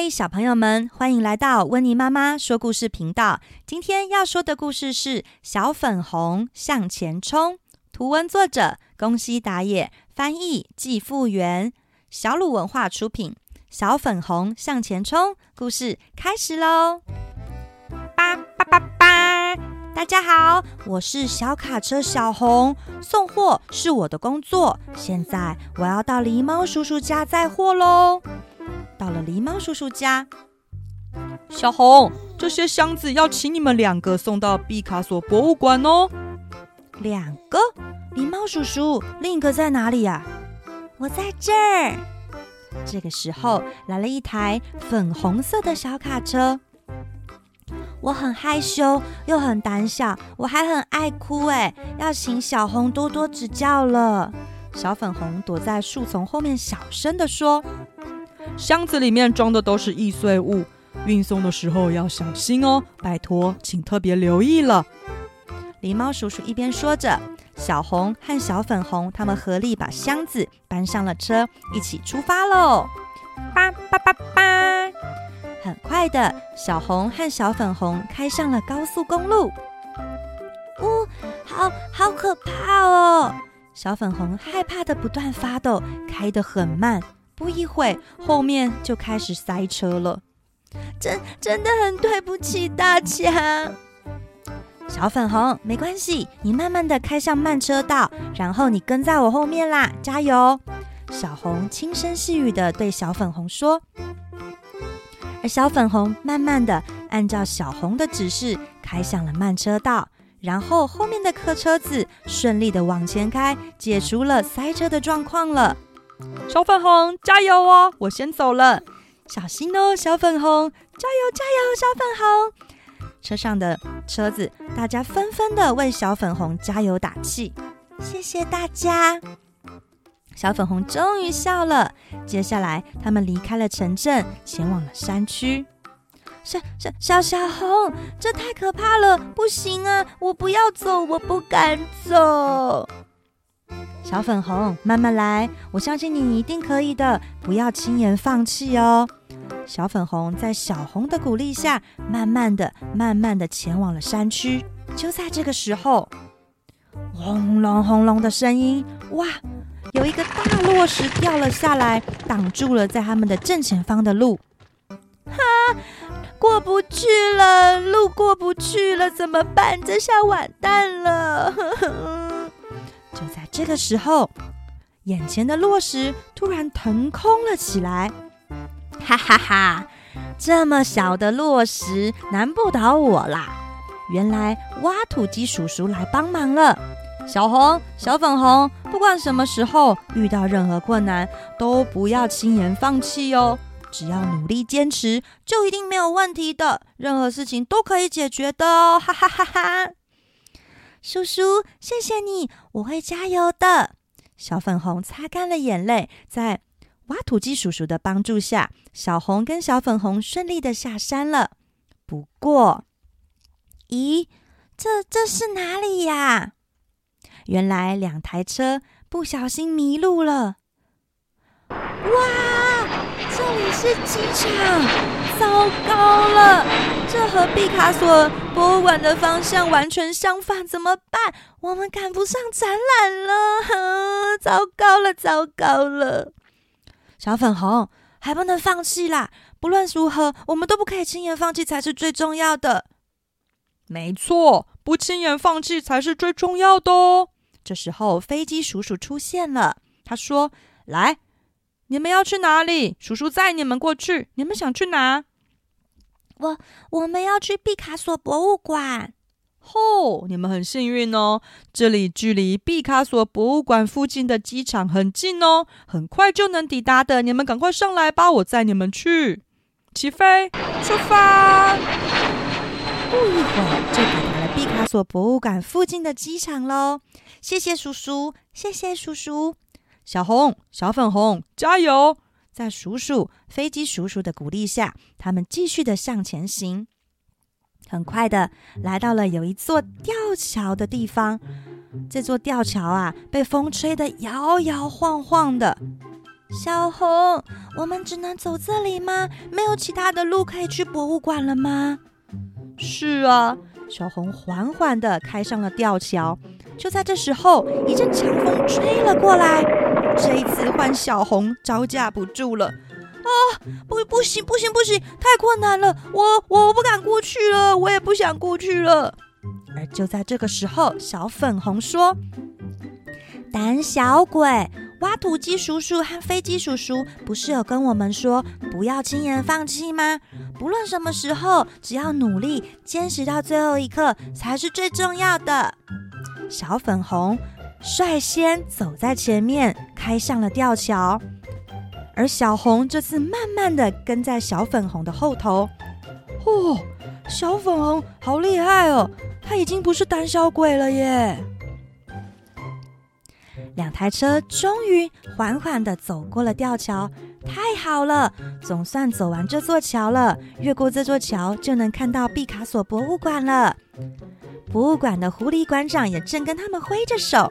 嗨，小朋友們，歡迎來到溫妮媽媽說故事頻道。今天要說的故事是《小粉紅向前衝》，圖文作者宮西達也，翻譯紀富元。小魯文化出品。《小粉紅向前衝》故事開始嘍！叭叭叭叭！大家好，我是小卡車小紅，送貨是我的工作。現在我要到狸貓叔叔家載貨嘍。到了狸貓叔叔家，小紅，這些箱子要請你們兩個送到畢卡索博物館哦。兩個狸貓叔叔，另一個在哪裡呀、啊？我在這兒。這個時候，來了一台粉紅色的小卡車。我很害羞，又很膽小，我還很愛哭誒。要請小紅多多指教了。小粉紅躲在樹叢後面，小聲地說。箱子裡面裝的都是易碎物，運送的時候要小心哦，拜托，請特別留意了。狸貓叔叔一邊說着，小紅和小粉紅他們合力把箱子搬上了車，一起出發嘍！叭叭叭叭！很快的小紅和小粉紅開上了高速公路。嗚、哦，好好可怕哦！小粉紅害怕的不斷發抖，開得很慢。不一會後面就開始塞車了，真真的很對不起大家。小粉紅，沒關係，你慢慢的開向慢車道，然後你跟在我後面啦，加油！小紅輕聲細語的對小粉紅說。而小粉紅慢慢的按照小紅的指示開向了慢車道，然後後面的客車子順利的往前開，解除了塞車的狀況了。小粉紅加油哦！我先走了，小心哦，小粉紅加油加油！小粉紅，車上的車子，大家紛紛的為小粉紅加油打氣，謝謝大家。小粉紅終於笑了。接下來，他們離開了城鎮，前往了山區。小小小小紅，這太可怕了，不行啊！我不要走，我不敢走。小粉紅，慢慢來，我相信你一定可以的，不要輕言放棄哦。小粉紅在小紅的鼓勵下，慢慢的、慢慢的前往了山區。就在這個時候，轟隆轟隆的聲音，哇，有一個大落石掉了下來，擋住了在他們的正前方的路。哈，過不去了，路過不去了，怎麼辦？這下完蛋了。 就在這個時候，眼前的落石突然騰空了起來，哈哈哈哈！這麼小的落石難不倒我啦！原來挖土機叔叔來幫忙了。小紅、小粉紅，不管什麼時候遇到任何困難，都不要輕言放棄哦！只要努力堅持，就一定沒有問題的。任何事情都可以解決的哦！哈哈哈哈！叔叔，謝謝你，我會加油的。小粉紅擦乾了眼淚，在挖土機叔叔的幫助下，小紅跟小粉紅順利地下山了。不過，咦，這這是哪裡呀？原來兩台車不小心迷路了。哇，這裡是機場。糟糕了，這和畢卡索博物館的方向完全相反，怎麼辦？我們趕不上展覽了！糟糕了，糟糕了！小粉紅還不能放棄啦！不論如何，我們都不可以輕言放棄，才是最重要的。沒錯，不輕言放棄才是最重要的哦。這時候，飛機叔叔出現了。他說：“來，你們要去哪裡？叔叔載你們過去。你們想去哪？”我我們要去畢卡索博物館。吼、哦！你們很幸運哦，這裡距離畢卡索博物館附近的機場很近哦，很快就能抵達的。你們趕快上來吧，我載你們去。起飛，出發！不一會兒就抵達了畢卡索博物館附近的機場嘍。謝謝叔叔，謝謝叔叔。小紅，小粉紅，加油！在叔叔飛機叔叔的鼓勵下，他們繼續的向前行。很快的，來到了有一座吊橋的地方。這座吊橋啊，被風吹得搖搖晃晃的。小紅，我們只能走這裡嗎？沒有其他的路可以去博物館了嗎？是啊，小紅緩緩的開上了吊橋。就在這時候，一陣強風吹了過來。這一次，換小紅招架不住了。哦、啊，不，不行，不行，不行！太困難了，我，我不敢過去了，我也不想過去了。而就在這個時候，小粉紅說：“膽小鬼，挖土機叔叔和飛機叔叔不是有跟我們說不要輕言放棄嗎？不論什麼時候，只要努力堅持到最後一刻，才是最重要的。”小粉紅率先走在前面，開上了吊橋，而小紅這次慢慢的跟在小粉紅的後頭。哦，小粉紅好厲害哦，他已經不是膽小鬼了耶！兩台車終於緩緩的走過了吊橋。太好了，總算走完這座橋了。越過這座橋，就能看到畢卡索博物館了。博物館的狐狸館長也正跟他們揮着手。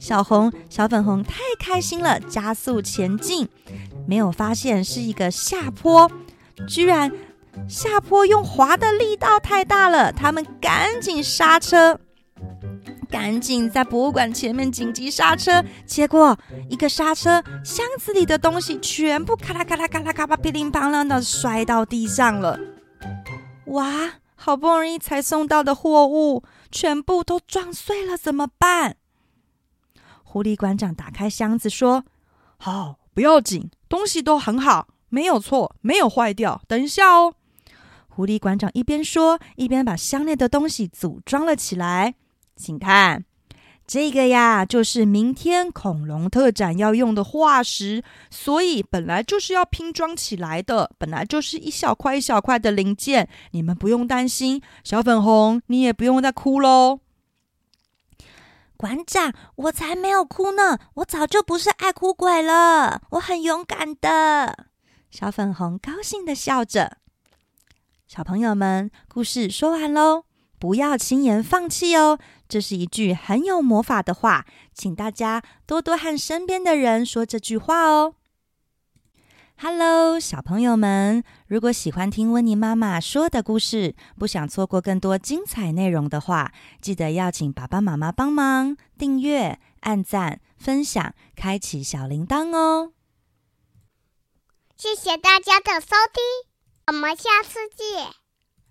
小紅、小粉紅太開心了，加速前進，沒有發現是一個下坡，居然下坡用滑的力道太大了，他們趕緊剎車。趕緊在博物館前面緊急剎車，結果一個剎車，箱子裡的東西全部咔啦咔啦咔啦咔啦，噼裡啪啦的摔到地上了。哇，好不容易才送到的貨物，全部都撞碎了，怎麼辦？狐狸館長打開箱子說：“好、哦，不要緊，東西都很好，沒有錯，沒有壞掉。等一下哦。”狐狸館長一邊說，一邊把箱內的東西組裝了起來。請看，這個呀，就是明天恐龍特展要用的化石，所以本來就是要拼裝起來的，本來就是一小塊一小塊的零件，你們不用擔心。小粉紅，你也不用再哭嘍。館長，我才沒有哭呢，我早就不是愛哭鬼了，我很勇敢的。小粉紅高興地笑着。小朋友們，故事說完嘍。不要輕言放棄哦，這是一句很有魔法的話，請大家多多和身邊的人說這句話哦。Hello，小朋友們，如果喜歡聽溫妮媽媽說的故事，不想錯過更多精彩內容的話，記得要請爸爸媽媽幫忙訂閱、按讚、分享、開啟小鈴鐺哦。謝謝大家的收聽，我們下次見。